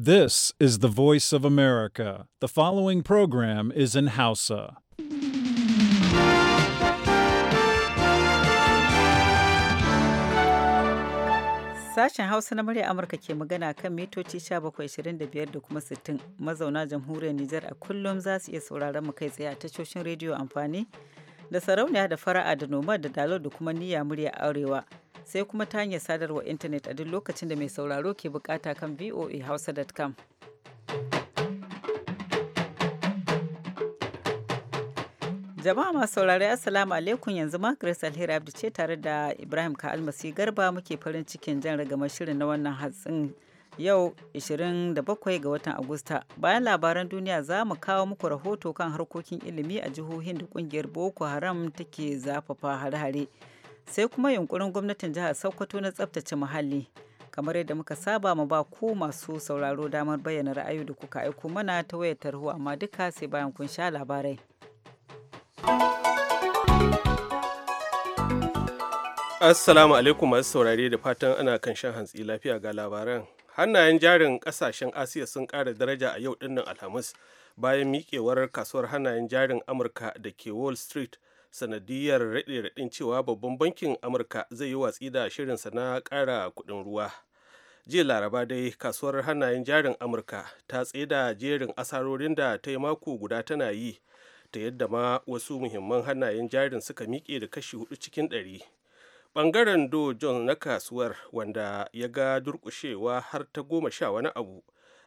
This is the voice of America. The following program is in Hausa. Sashen Hausa na murya Amurka ke magana kan mitoci 1725 da kuma 60 mazauna jamhuriyar Nijar a kullum za su iya sauraron mu kai tsaye a tashoshin rediyo amfani da sarauniya da fara'a da noma da dalo da kuma niyya murya arewa. sai kuma ta hanyar sadarwa intanet a duk lokacin da mai sauraro ke bukata kan voahausa.com. jama'a masu saurari assalamu alaikum yanzu ma grace alheri abdu ce tare da ibrahim ka almasi garba muke farin cikin jan ragamar shirin na wannan hatsin yau 27 ga watan agusta bayan labaran duniya za mu kawo muku rahoto kan harkokin ilimi a jihohin da kungiyar boko haram take zafafa hare-hare. hare hare hare sai kuma yunkurin gwamnatin jihar sokoto na tsabtace muhalli kamar yadda muka saba mu ba ko masu sauraro damar bayyana ra'ayi da kuka aiko mana ta wayar tarho amma duka sai bayan kun sha labarai assalamu alaikum masu saurare da fatan ana kan shan hantsi lafiya ga labaran hannayen jarin kasashen asiya sun ƙara daraja a yau dinnan alhamis bayan miƙewar kasuwar hannayen jarin amurka da ke wall street sanadiyar raɗe-raɗin cewa babban bankin amurka zai yi watsi da shirinsa na ƙara kuɗin ruwa jiya laraba dai kasuwar hannayen jarin amurka ta tsaye da jerin asarorin da ta yi mako guda tana yi ta yadda ma wasu muhimman hannayen jarin suka miƙe da kashi hudu cikin ɗari ɓangaren do john na kasuwar wanda ya ga durƙushewa har ta goma sha wani abu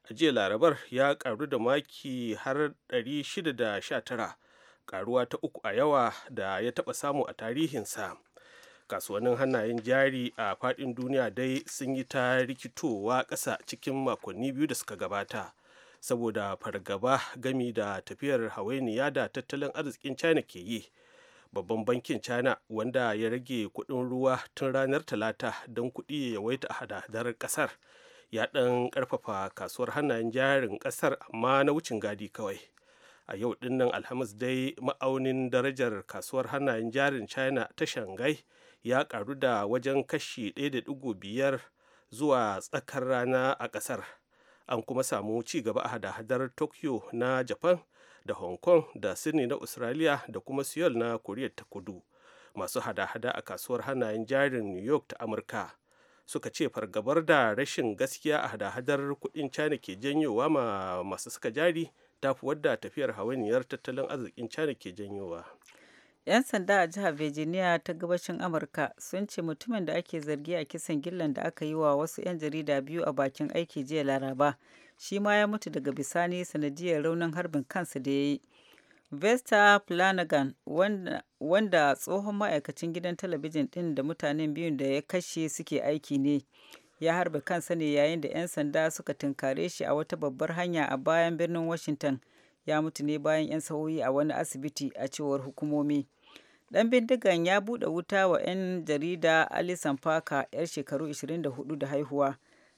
a jiya larabar ya ƙaru da maki har ɗari shida da sha tara. karuwa ta uku a yawa da ya taɓa samu a tarihinsa kasuwannin hannayen jari a faɗin duniya dai sun yi ta rikitowa ƙasa cikin makonni biyu da suka gabata saboda fargaba gami da tafiyar hawainiya da tattalin arzikin china ke yi babban bankin china wanda ya rage kuɗin ruwa tun ranar talata don kuɗi ya yawaita a hadadar ƙasar, ya ɗan ƙarfafa kasuwar hannayen jarin ƙasar amma na wucin gadi kawai a yau dinnan alhamis dai ma'aunin darajar kasuwar hannayen jarin china ta shanghai ya karu da wajen kashi 1.5 zuwa tsakar rana a kasar an kuma samu ci gaba a hada-hadar tokyo na japan da hong kong da sydney na australia da kuma seoul na korea ta kudu masu hada-hada a kasuwar hannayen jarin new york ta amurka suka ce fargabar da rashin gaskiya a hada-hadar kudin china ke janyowa ma masu suka jari tafi wadda tafiyar hawainiyar tattalin arzikin china ke janyowa 'yan sanda a jihar virginia ta gabashin amurka sun ce mutumin da ake zargi a kisan gillan da aka yi wa wasu 'yan jarida biyu a bakin aiki jiya laraba shi ma ya mutu daga bisani sanadiyar raunin harbin kansa da ya yi vesta flanagan wanda tsohon ma'aikacin gidan talabijin din da mutanen biyun da ya kashe suke aiki ne ya harbe kansa ne yayin da 'yan sanda suka tunkare shi a wata babbar hanya a bayan birnin washington ya mutu ne bayan 'yan sauyi a wani asibiti a cewar hukumomi dan bindigan ya bude wuta wa 'yan jarida alison parker 'yar shekaru 24 da haihuwa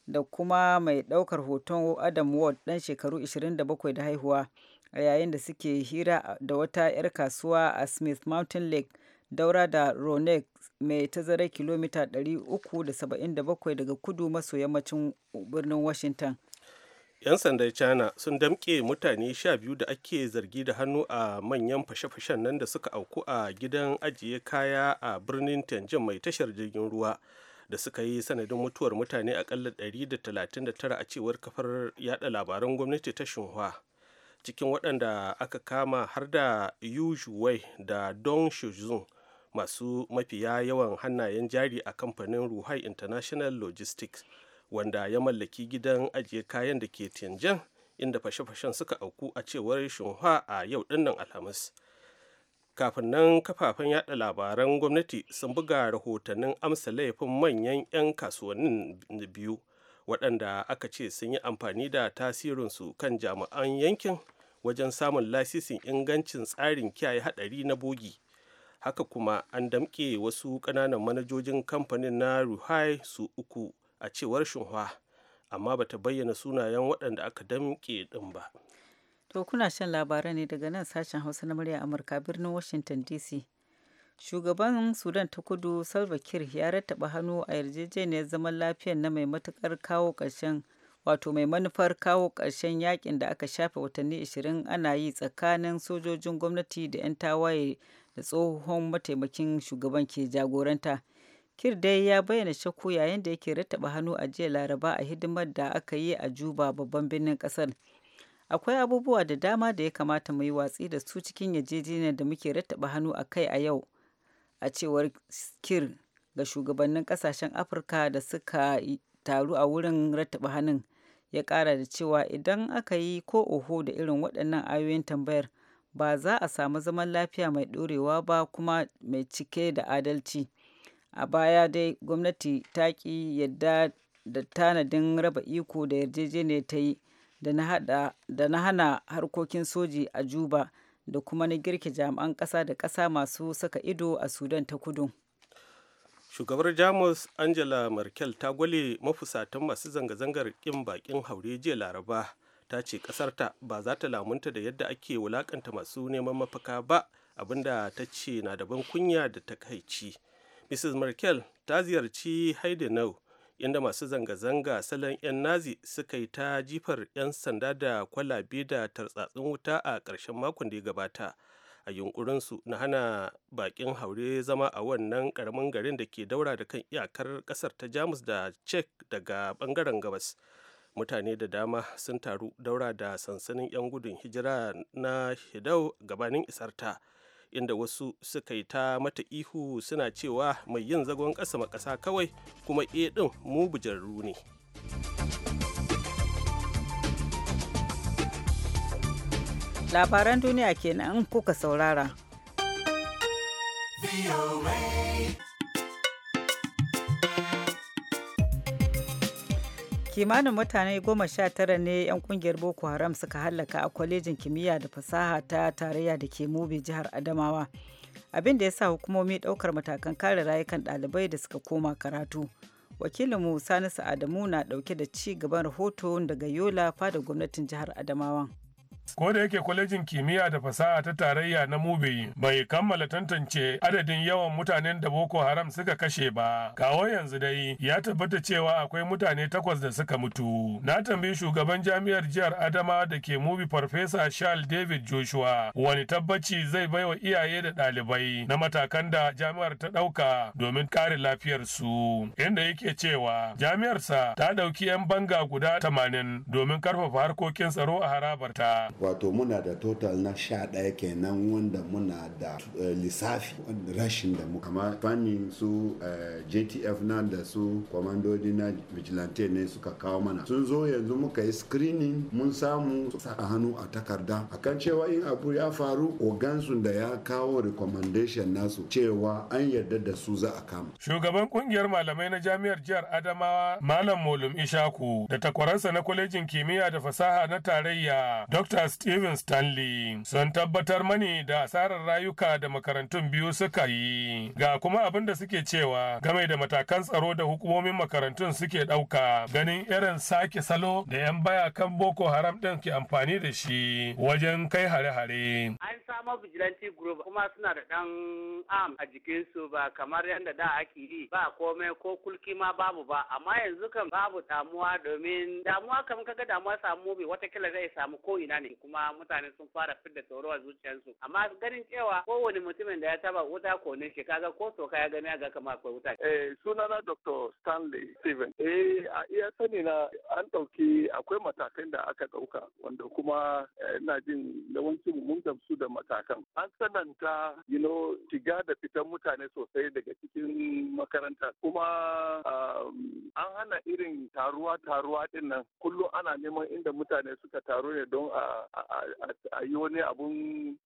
da kuma mai daukar hoton adam ward ɗan shekaru 27 da haihuwa a yayin da suke hira da wata 'yar kasuwa a smith mountain lake daura da Ronek mai tazarar kilomita 377 daga kudu maso yammacin birnin Washington. 'Yan sandan China sun damke mutane 12 da ake zargi da hannu a manyan fashe-fashen nan da suka auku a gidan ajiye kaya a birnin Tianjin mai tashar jirgin ruwa. da suka yi sanadin mutuwar mutane akalla 139 a cewar kafar yada labaran gwamnati ta xinhua cikin waɗanda aka kama har da yu da dong shuzun masu mafiya yawan hannayen jari a kamfanin ruhai international logistics wanda ya mallaki gidan ajiye kayan da ke tianjin inda fashe-fashen suka auku a cewar shinhua a yau dinnan alhamis kafin nan kafafen yada labaran gwamnati sun buga rahotannin amsa laifin manyan 'yan kasuwannin biyu waɗanda aka ce sun yi amfani da tasirinsu kan jami'an yankin wajen samun lasisin ingancin tsarin kiyaye haɗari na bogi haka kuma an damke wasu ƙananan manajojin kamfanin na ruhai su uku a cewar shinhwa amma ba ta bayyana sunayen waɗanda aka damke ɗin ba to kuna shan labarai ne daga nan sashen hausa na murya amurka birnin washington dc shugaban sudan ta kudu salva kiir ya rattaba hannu a yarjejeniyar zaman lafiyar na mai matukar kawo ƙarshen wato mai manufar kawo ƙarshen yakin da aka shafe watanni 20 ana yi tsakanin sojojin gwamnati da 'yan tawaye da tsohon mataimakin shugaban ke jagoranta kir dai ya bayyana shakku yayin da yake rattaba hannu a jiya laraba a hidimar da aka yi a juba babban birnin kasar akwai abubuwa da dama da ya kamata mu yi watsi da su cikin yarjejeniyar da muke rattaba hannu a kai a yau a cewar kir ga shugabannin kasashen afirka da suka taru a wurin rattaba hannun ya kara da cewa idan aka yi ko oho da irin waɗannan ayoyin tambayar ba za a samu zaman lafiya mai ɗorewa ba kuma mai cike da adalci. A baya dai gwamnati ta ƙi yadda da tanadin raba iko da yarjejeniyar ta yi da na hana harkokin soji a Juba da kuma na girke jami'an ƙasa da ƙasa masu saka ido a Sudan ta kudu. Shugabar Jamus Angela Merkel ta gwale mafusatan masu zanga-zangar ƙin bakin haure jiya Laraba. ta ce ƙasarta ba za ta lamunta da yadda ake wulakanta masu neman mafaka ba abinda ta ce na daban kunya da takaici mrs merkel ta ziyarci haidenau inda masu zanga-zanga salon 'yan nazi suka yi ta jifar 'yan sanda da kwalabe da tartsatsin wuta a ƙarshen makon da ya gabata a yunkurinsu na hana bakin haure zama a wannan ƙaramin garin da ke daura da kan iyakar ƙasar ta jamus da czech daga ɓangaren gabas mutane da dama sun taru daura da sansanin 'yan gudun hijira na hidau gabanin isarta inda wasu suka yi ta mata ihu suna cewa mai yin zagon ƙasa makasa kawai kuma e eh din mu bujarru ne labaran duniya kenan kuka saurara. kimanin mutane goma sha tara ne 'yan kungiyar boko haram suka hallaka a kwalejin kimiyya da fasaha ta tarayya da ke mubi jihar adamawa abin da ya sa hukumomi ɗaukar matakan kare rayukan ɗalibai da suka koma karatu wakilinmu salisu adamu na ɗauke da ci gaban rahoton daga yola fada gwamnatin jihar adamawa Ko da yake kwalejin kimiyya da fasaha ta tarayya na Mubi bai kammala tantance adadin yawan mutanen da Boko Haram suka kashe ba. Kawo yanzu dai ya tabbata cewa akwai mutane takwas da suka mutu. Na tambayi shugaban jami'ar jihar Adama da ke Mubi Farfesa Charles David Joshua wani tabbaci zai baiwa iyaye da ɗalibai na matakan da jami'ar ta ɗauka domin kare lafiyarsu. Inda yake cewa jami'arsa ta ɗauki 'yan banga guda tamanin domin karfafa harkokin tsaro a harabarta. wato muna da total na sha ɗaya kenan wanda muna da eh, lissafi rashin da mu Amma fannin su eh, jtf na da su kwamandodi na vigilante ne suka kawo mana sun zo yanzu muka yi screening mun samu a hannu a takarda akan cewa in abu ya faru ogansu da ya kawo recommendation nasu cewa an yarda da su za a kama shugaban kungiyar malamai na jami'ar jihar adamawa malam molum ishaku da takwaransa na kwalejin kimiyya da fasaha na tarayya dr Dr. Steven Stanley sun tabbatar mani da asarar rayuka da makarantun biyu suka yi. Ga kuma abin da suke cewa game da matakan tsaro da hukumomin makarantun suke ɗauka ganin irin sake salo da 'yan baya kan Boko Haram ɗin ke amfani da shi wajen kai hare-hare. Samar vigilante group kuma suna da ɗan am a jikinsu ba kamar yadda da ake yi ba komai ko kulki ma babu ba amma yanzu kan babu damuwa domin damuwa kam kaga damuwa samu bai watakila zai samu ko ina ne kuma mutane sun fara fidda tsoro a zuciyarsu amma ganin cewa kowane mutumin da ya taba wuta ko ne shi kaga ko ka ya gani ga kama akwai wuta. Eh sunana Dr. Stanley Steven. Eh a iya sani na an ɗauki akwai matakan da aka ɗauka wanda kuma eh, ina jin yawancin mun gamsu da matakan an sananta you know shiga da fitan mutane sosai daga cikin makaranta kuma um, an hana irin taruwa taruwa din nan kullum ana neman inda mutane suka taru ne don a yi wani abun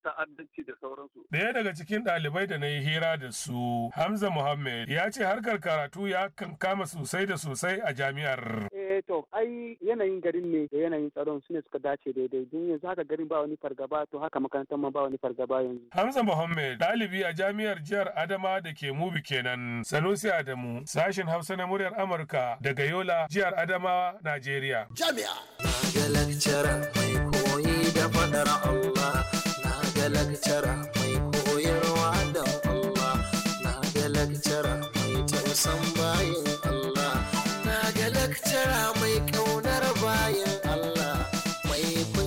ta'addanci da sauransu daya daga cikin ɗalibai da na yi hira da su hamza muhammad ya ce harkar karatu ya kankama sosai da sosai a jami'ar Eh to ai yanayin garin ne da yanayin tsaron su ne suka dace daidai don yanzu haka garin ba wani fargaba to haka makarantar ma ba wani fargaba yanzu. Hamza Muhammad ɗalibi a jami'ar jihar Adama da ke Mubi kenan. Sanusi Adamu sashen Hausa na muryar Amurka daga Yola jihar Adama Najeriya. Jami'a. Na lakcara mai koyi da faɗar Allah. Na lakcara mai koyarwa da Allah. Na lakcara mai tausan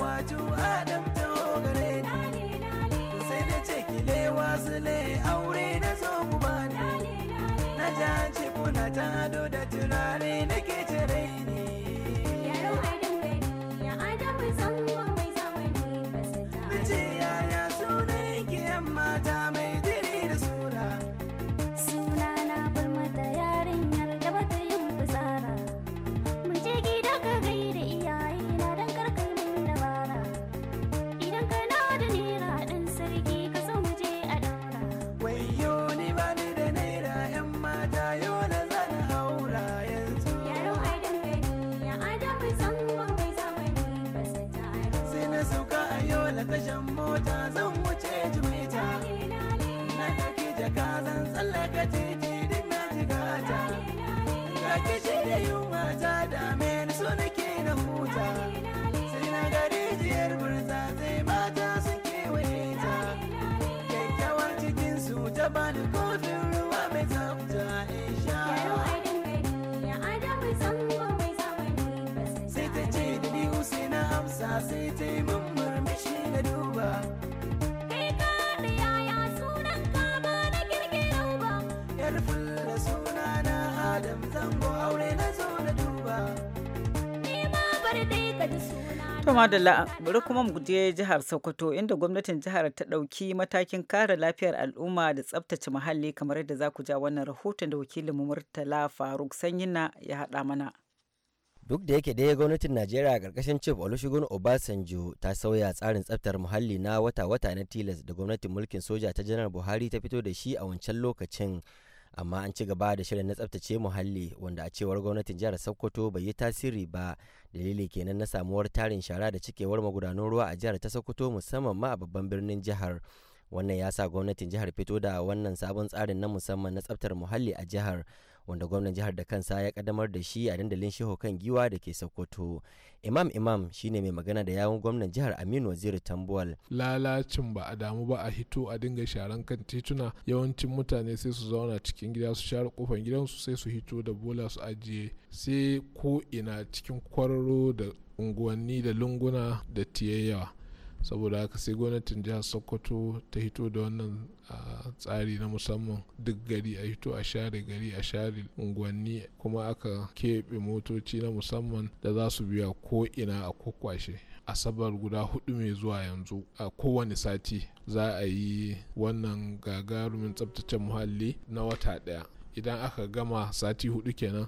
Why do so nake na huta da Madalla, bari kuma mu je jihar Sokoto inda gwamnatin jihar ta ɗauki matakin kare lafiyar al'umma da tsabtace muhalli kamar yadda za ku ja wannan rahoton da wakilin Murtala Faruk Sanyina ya hada mana. Duk da yake dai gwamnatin Najeriya a karkashin Chief Olusegun Obasanjo ta sauya tsarin tsabtar muhalli na wata-wata na tilas da gwamnatin mulkin soja ta janar Buhari ta fito da shi a wancan lokacin. amma an ci gaba da shirin na tsabtace muhalli wanda a cewar gwamnatin jihar sokoto bai yi tasiri ba dalili kenan na samuwar tarin shara da cikewar magudanun ruwa a jihar ta sokoto musamman ma a babban birnin jihar wannan ya sa gwamnatin jihar fito da wannan sabon tsarin na musamman na tsabtar muhalli a jihar wanda gwamnan jihar da kansa ya kaddamar da shi a dandalin shehu kan giwa da ke sokoto imam imam shine mai magana da yawun gwamnan jihar aminu waziri tambuwal lalacin ba a damu ba a hito a dinga sharan kan tituna yawancin mutane sai su zauna cikin gida su share kofar gidansu sai su hito da bola su ajiye sai ko ina cikin kwararo da unguwanni da lunguna da tiyayyawa saboda haka sai gwamnatin jihar sokoto ta hito da wannan tsari na musamman duk gari a hito a share gari a share unguwanni kuma aka keɓe motoci na musamman da za su biya ko ina a kwakwashe asabar guda hudu mai zuwa yanzu a kowane sati za a yi wannan gagarumin tsabtace muhalli na wata daya idan aka gama sati hudu kenan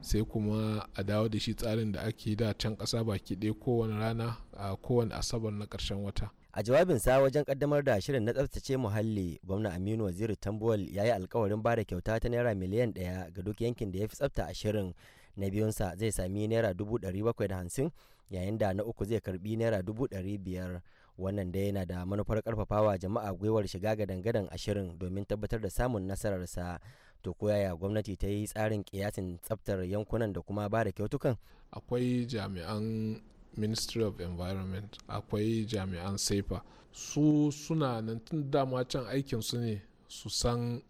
sai kuma a dawo da shi tsarin da ake da can kasa baki ɗaya kowane rana a kowane asabar na ƙarshen wata a jawabinsa wajen kaddamar da shirin na tsaftace muhalli gwamna aminu waziri tambuwal ya yi alkawarin ba da kyauta ta naira miliyan ɗaya ga duk yankin da ya fi tsafta a shirin na biyunsa zai sami naira dubu ɗari bakwai da hamsin yayin da na uku zai karbi naira dubu ɗari biyar wannan da yana da manufar karfafawa jama'a gwiwar shiga ga dangadan ashirin domin tabbatar da samun nasararsa to ko yaya gwamnati ta yi tsarin kiyasin tsaftar yankunan da kuma ba da kyautukan akwai jami'an ministry of environment akwai jami'an saifa su suna nan tun dama can aikin su ne su san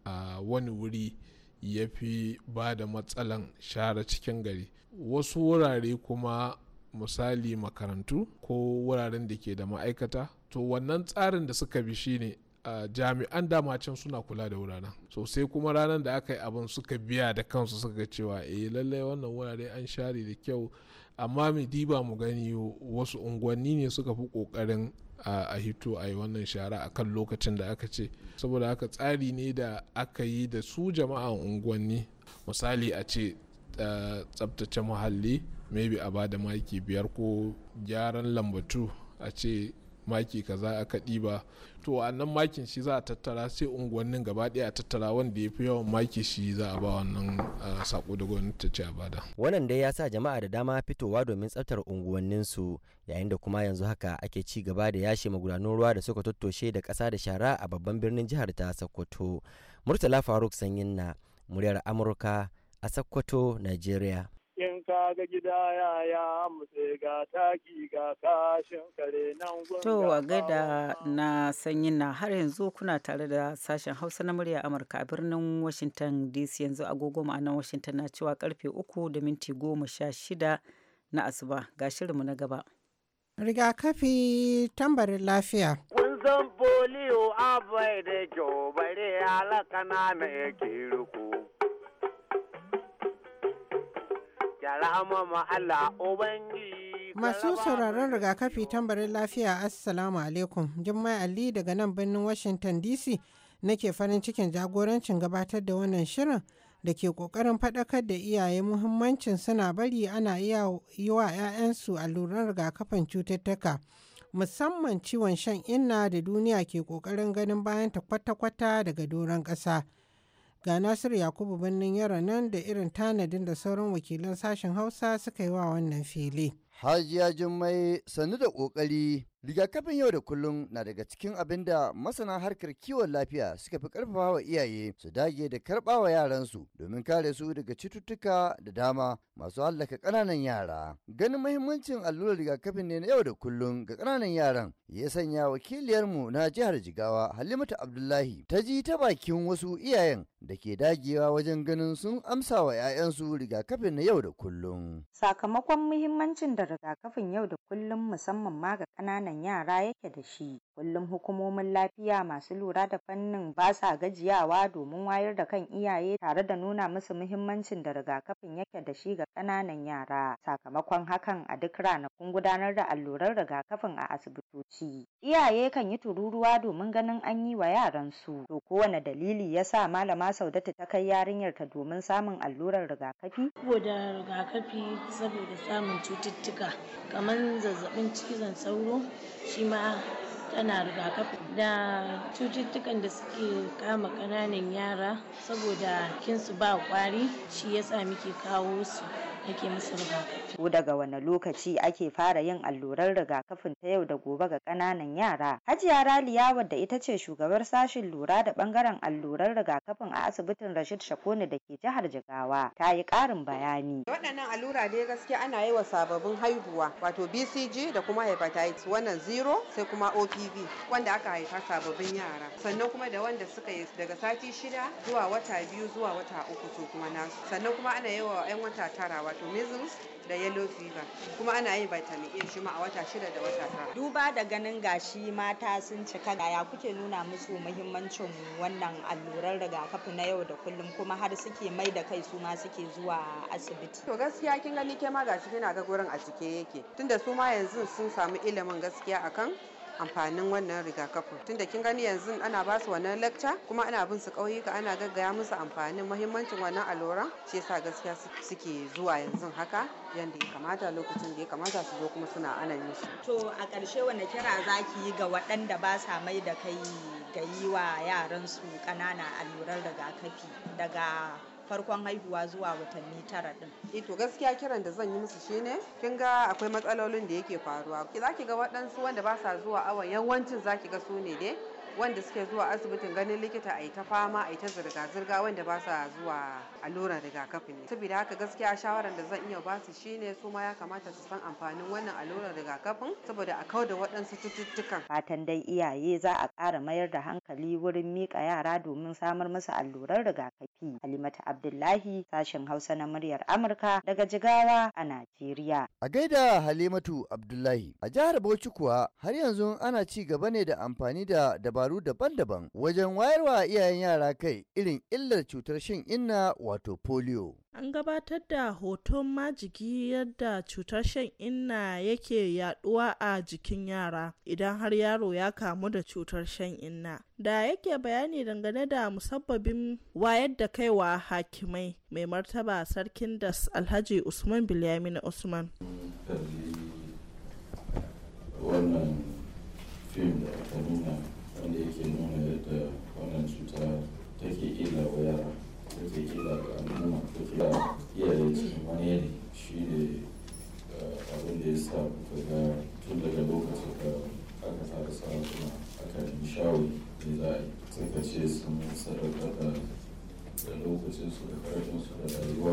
wani wuri ya fi ba da matsalan share cikin gari wasu wurare kuma misali makarantu ko wuraren da ke da ma'aikata to wannan tsarin da suka bi shine jami'an dama suna kula da wuraren sosai kuma ranar da aka yi abin suka biya da kansu suka ga cewa eh lallai wannan wurare an share da kyau amma mai diba mu gani wasu unguwanni ne suka fi kokarin a hito a yi wannan shara a kan lokacin da aka ce saboda haka tsari ne da aka yi da su jama'an unguwanni misali a ce tsabtace muhalli maybe a ba da maki biyar ko gyaran lambatu a ce maki kaza aka ɗiba to wannan makin shi za a tattara sai unguwannin gaba ɗaya a tattara wanda ya fi yawan maki shi za a ba wannan sako da gwamnati ce a bada wannan dai ya sa jama'a da dama fitowa domin tsaftar unguwannin su yayin da kuma yanzu haka ake ci gaba da yashe magudanun ruwa da suka tottoshe da ƙasa da shara a babban birnin jihar ta sokoto murtala faruk sanyin na muryar amurka a sokoto nigeria in ka ga gida ya ya mutse ga taki ga kashin kare nan to wa gada na sanyi na har yanzu kuna tare da sashen hausa na murya amurka a birnin washington dc yanzu agogo ma'anar washington na cewa karfe uku da minti goma sha shida na asuba ga mu na gaba rigakafi tambarin lafiya zan polio abai da kyau bare alaka na na yake Masu sauraron rigakafi tambarin lafiya Assalamu alaikum. Jummai Ali daga nan birnin Washington DC nake farin cikin jagorancin gabatar da wannan shirin da ke kokarin fadakar da iyaye muhimmancin suna bari ana iya yi wa 'ya'yansu alluran rigakafin cututtuka musamman ciwon shan inna da duniya ke kokarin ganin bayan ta kwata-kwata daga doron ƙasa. Ga Nasiru Yakubu birnin yara nan da irin tanadin da sauran wakilan sashen Hausa suka yi wa wannan fili. Hajiya Jummai sannu da ƙoƙari rigakafin yau da kullum na daga cikin abin da masana harkar kiwon lafiya suka fi karfafa wa iyaye su dage da karɓa wa yaransu domin kare su daga cututtuka da dama masu hallaka ƙananan yara ganin mahimmancin allurar rigakafin ne na yau da kullum ga ƙananan yaran ya sanya wakiliyarmu na jihar jigawa halimatu abdullahi ta ji ta bakin wasu iyayen da ke dagewa wajen ganin sun amsa wa 'ya'yansu rigakafin na yau da kullum. Sakamakon muhimmancin da rigakafin yau da kullum musamman ma ga ƙananan yara yake da shi, Kullum hukumomin lafiya masu lura da fannin ba sa gajiyawa domin wayar da kan iyaye tare da nuna musu muhimmancin da rigakafin yake da shi ga ƙananan yara. Sakamakon hakan a duk ranakun gudanar da allurar rigakafin a asibitoci. Iyaye kan yi tururuwa domin ganin an yi wa yaransu. To kowane dalili ya sa Malama Saudatu ta kai yarinyarta domin samun allurar rigakafi? Saboda rigakafi saboda samun cututtuka kamar zazzabin cizon sauro shi ma tana rigakafi da cututtukan da suke kama ƙananan yara saboda kinsu ba ƙwari shi yasa muke kawo su take musu rigakafi. Ko daga wani lokaci ake fara yin allurar rigakafin ta yau da gobe ga ƙananan yara. Hajiya Raliya wadda ita ce shugabar sashin lura da bangaren allurar rigakafin a asibitin Rashid Shakoni da ke jihar Jigawa ta yi ƙarin bayani. Waɗannan allura dai gaskiya ana yi wa sababbin haihuwa wato BCG da kuma hepatitis wannan zero sai kuma OPV wanda aka haifa sababbin yara sannan kuma da wanda suka yi daga sati shida zuwa wata biyu zuwa wata uku su kuma nasu sannan kuma ana yi wa 'yan wata tara wato measles da yellow fever kuma ana yin vitamin A shi ma a wata shida da wata tara. Duba da ganin gashi mata sun cika gaya kuke nuna musu muhimmancin wannan alluran rigakafi na yau da kullum kuma har suke mai da kai su ma suke zuwa asibiti. To gaskiya kin gani ke ma gashi kina ga gurin a cike yake tunda su ma yanzu sun samu ilimin gaskiya akan amfanin wannan rigakafin da kin gani yanzu ana ba su wannan lecture kuma ana bin su ƙauyuka ana gaggaya musu amfanin muhimmancin wannan alluran shi yasa gaskiya suke zuwa yanzu haka yanda ya kamata lokacin da ya kamata su zo kuma suna ana yin shi to a ƙarshe wani kira zaki yi ga waɗanda ba sa mai da kai ga yi wa yaransu su ƙanana alluran rigakafi daga farkon haihuwa zuwa watanni tara din. Eh to gaskiya kiran da zan yi musu shine kin ga akwai matsalolin da yake faruwa. Zaki ga waɗansu wanda ba sa zuwa awon yawancin zaki ga su ne dai wanda suke zuwa asibitin ganin likita a yi ta fama a yi ta zirga-zirga wanda ba sa zuwa allurar rigakafi ne saboda haka gaskiya shawaran da zan iya ba su shine su ma ya kamata su san amfanin wannan allurar rigakafin saboda a kau da waɗansu cututtukan fatan dai iyaye za a ƙara mayar da hankali wurin miƙa yara domin samar musu allurar rigakafi halimatu abdullahi sashen hausa na muryar amurka daga jigawa a najeriya a gaida halimatu abdullahi a jihar bauchi kuwa har yanzu ana ci gaba ne da amfani da dabaru daban-daban wajen wayarwa iyayen yara kai irin illar cutar shan inna wato polio An gabatar da hoton majigi yadda cutar shan-inna yake yaɗuwa a jikin yara idan har yaro ya kamu da cutar shan-inna, da yake bayani dangane da musabbabin wayar da kaiwa wa hakimai, Mai Martaba Sarkin Das Alhaji Usman Bilyaminu Usman. wannan wanda yake nuna yadda wannan cuta take wa yara take sur le sur la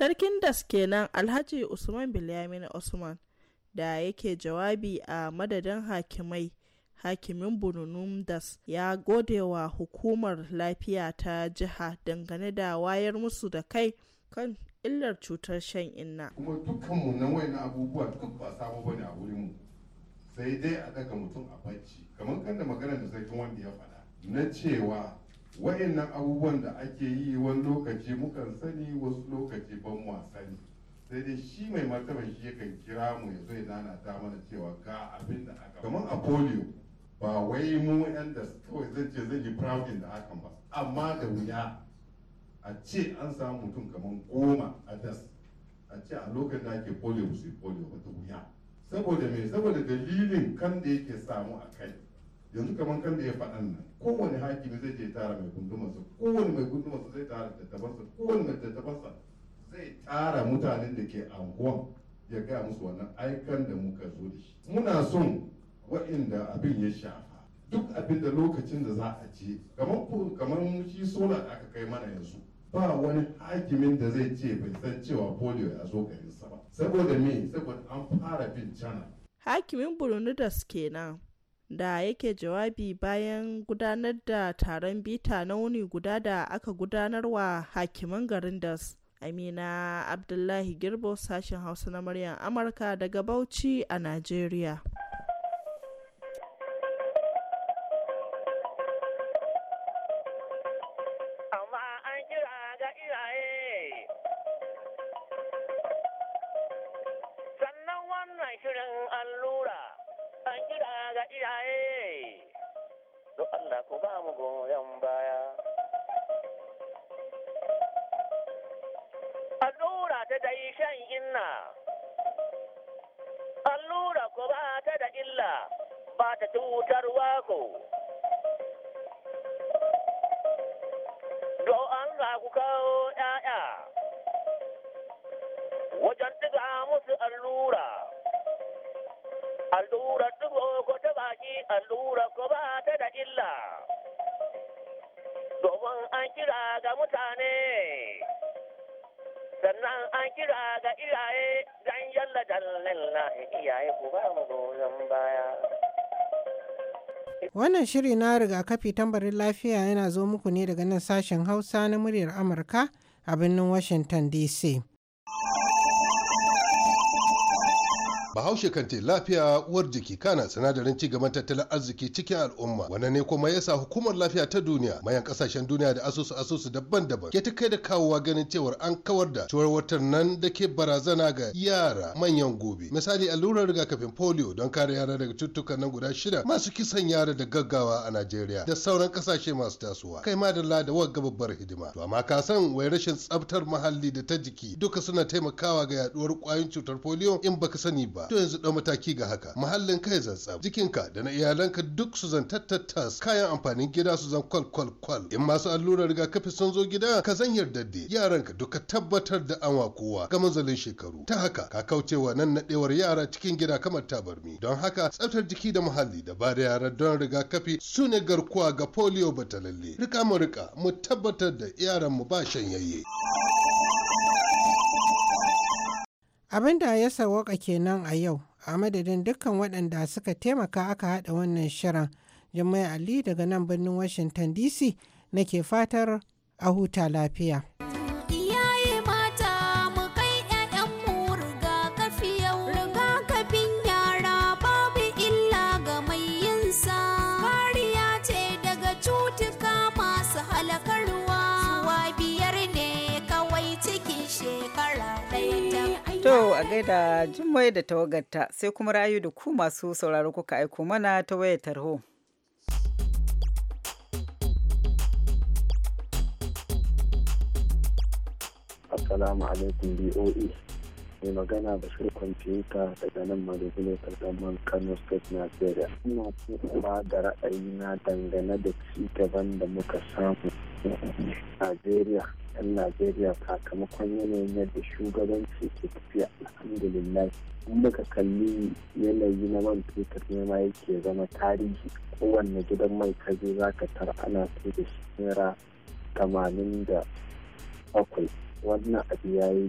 Sarkin das kenan Alhaji Usman Bilyamin Usman da yake jawabi a madadin hakimai hakimin bununum das ya gode wa hukumar lafiya ta jiha dangane da wayar musu da kai kan illar cutar shan inna. Kuma dukkanmu na wayan abubuwa duk ba samu bane a wurinmu sai dai a daga mutum a bacci kamar kan da maganar da sai wanda ya faɗa na cewa wa'annan abubuwan da ake yi wani lokaci mukan sani wasu lokaci ban mu sani sai dai shi mai martaba shi yakan kira mu ya zo ya nanata mana cewa ga abin da aka kamar a polio ba wai mu yan da kawai zan ce zan yi proudin da hakan ba amma da wuya a ce an samu mutum kamar goma a das a ce a lokacin da ake polio su polio wata wuya saboda me saboda dalilin kan da yake samu a kai yanzu kamar kan da ya faɗan nan kowane hakimi zai je tara mai gundumarsa kowane mai gundumarsa zai tara tattabarsa kowane mai tattabarsa zai tara mutanen da ke anguwan ya gaya musu wannan aikan da muka zo da shi muna son wa'inda abin ya shafa duk abin da lokacin da za a je kamar kamar shi sola da aka kai mana yanzu ba wani hakimin da zai ce bai san cewa polio ya zo garinsa ba saboda me saboda an fara bin cana hakimin burundu da kenan da yake jawabi bayan gudanar da taron bita na wuni guda da aka gudanar wa hakiman garin das amina abdullahi girbo sashen hausa na muryar amurka daga bauchi a nigeria. mu goyon baya. Allura ta da shan inna, allura ko ba ta da illa ba ta cutarwa ko. Do an za ku kawo ‘ya'ya wajen diga musu allura. allura dugo ko ta baki allura ko ba ta da illa domin an kira ga mutane sannan an kira ga iyaye don yalla jallin iyaye ku ba mu goyon baya Wannan shiri na rigakafi tambarin lafiya yana zo muku ne daga nan sashen Hausa na muryar Amurka a birnin Washington DC. bahaushe kan ce lafiya uwar jiki kana sinadarin ci gaban tattalin arziki cikin al'umma wannan ne kuma ya sa hukumar lafiya ta duniya mayan kasashen duniya da asusu asusu daban-daban ke ta kai da kawowa ganin cewar an kawar da ciwarwatar nan da ke barazana ga yara manyan gobe misali allurar rigakafin polio don kare yara daga cututtukan nan guda shida masu kisan yara da gaggawa a najeriya da sauran kasashe masu tasowa kai ma da wagga babbar hidima to amma ka san wai rashin tsabtar muhalli da ta jiki duka suna taimakawa ga yaduwar kwayoyin cutar polio in baka sani ba ba to yanzu ɗau mataki ga haka muhallin kai zantsam jikinka da na iyalanka duk su zan tattattas kayan amfanin gida su zan kwal kwal kwal in masu allurar rigakafi sun zo gida ka zan yarda da yaranka duka tabbatar da an kowa ga manzalin shekaru ta haka ka kaucewa nan naɗewar yara cikin gida kamar tabarmi don haka tsaftar jiki da muhalli da ba da yara don rigakafi su ne garkuwa ga polio batalalle rika mu rika mu tabbatar da yaran mu ba shanyayye. Abin da ya sawwaka kenan a yau, a madadin dukkan waɗanda suka taimaka aka haɗa wannan shirin. Jummai Ali daga nan birnin Washington DC nake fatar a huta lafiya. a gaida Jummai da tawagarta sai kuma rayu da ku masu sauraro kuka aiko mana ta waya tarho. Assalamu alaikum BOE. mai magana da shirkon tiyuta daga nan madogulo kardaman kano state nigeria ina ba da ra'ayi na dangane da ci gaban da muka samu Najeriya yan Najeriya sakamakon yanayin yadda shugabanci ke tafiya alhamdulillah muka kalli yanayi na man fetur ne ma yake zama tarihi kowanne gidan mai kaje za ka tara ana sai da shi naira tamanin da bakwai wannan abu ya yi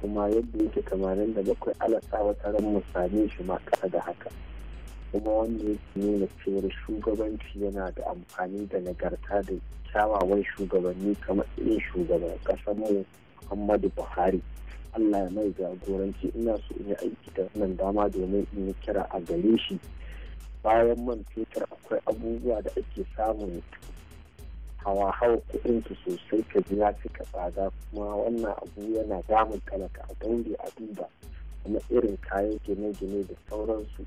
kuma yadda yake tamanin da bakwai alasa wata ran mu same shi ma kasa da haka kuma wanda ya nuna cewar shugabanci yana da amfani da nagarta da kyawawan shugabanni kamar irin shugaban ƙasar mu muhammadu buhari allah ya mai jagoranci ina so in yi aiki da nan dama domin in yi kira a gare shi bayan man fetur akwai abubuwa da ake samun hawa hawa kuɗin su sosai ka ji ya cika tsada kuma wannan abu yana damun talaka a daure a duba kuma irin kayan gine-gine da sauransu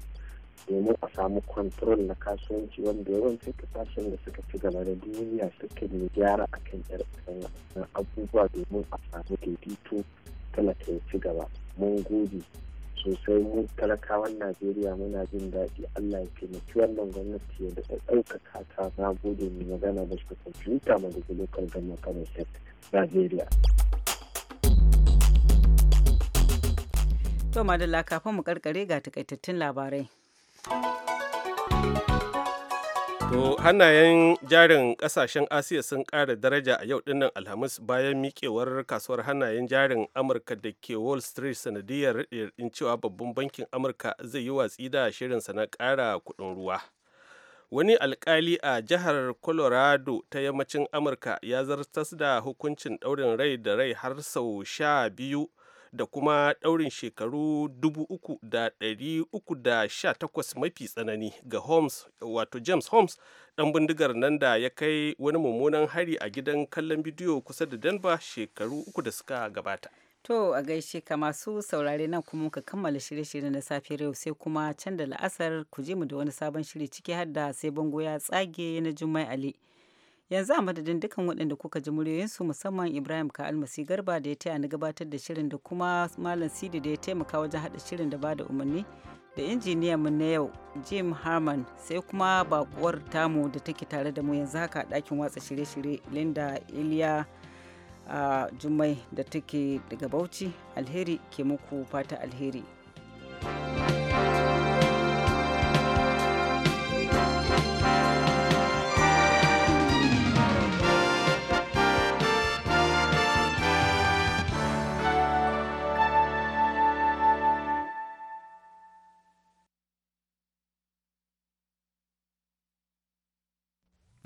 domin a samu kwantarol na kasuwanci wanda yawan yawancin kasashen da suka ci gaba da duniya suka ne gyara a kan abubuwa domin a samu daidaito talaka ya ci gaba mun gode sosai mu talakawan najeriya muna jin daɗi allah ya taimaki wannan gwamnati ya da ɗaukaka ta na gode mai magana da shi kwamfuta ma daga lokal gama kano state najeriya to madalla kafin mu karkare ga takaitattun labarai To hannayen jarin kasashen Asiya sun ƙara daraja a yau dinnan Alhamis bayan miƙewar kasuwar hannayen jarin Amurka da ke Wall Street sanadiyar ɗin cewa babban bankin Amurka zai yi watsi da shirinsa na ƙara kuɗin ruwa. Wani alkali a jihar Colorado ta yammacin Amurka ya zartas da hukuncin ɗaurin rai da rai har sau sha biyu da kuma ɗaurin shekaru 3,318 mafi tsanani ga Holmes wato James Holmes ɗan bindigar nan da ya kai wani mummunan hari a gidan kallon bidiyo kusa da Denver shekaru uku da suka gabata. To a gaishe ka masu saurare nan kuma muka kammala shirye-shiryen na safiyar yau sai kuma can da la'asar ku je mu da wani sabon shiri ciki har da sai bango ya tsage na Jummai Ali. yanzu a madadin dukkan waɗanda kuka ji muryoyinsu musamman ibrahim ka almasi garba da ya taya ni gabatar da shirin da kuma malam sidi da ya taimaka wajen haɗa shirin da ba da umarni da injiniyan mu na yau jim harman sai kuma bakuwar tamu da take tare da mu yanzu haka ɗakin watsa shirye-shirye linda iliya a da take daga bauchi alheri ke muku fata alheri thank you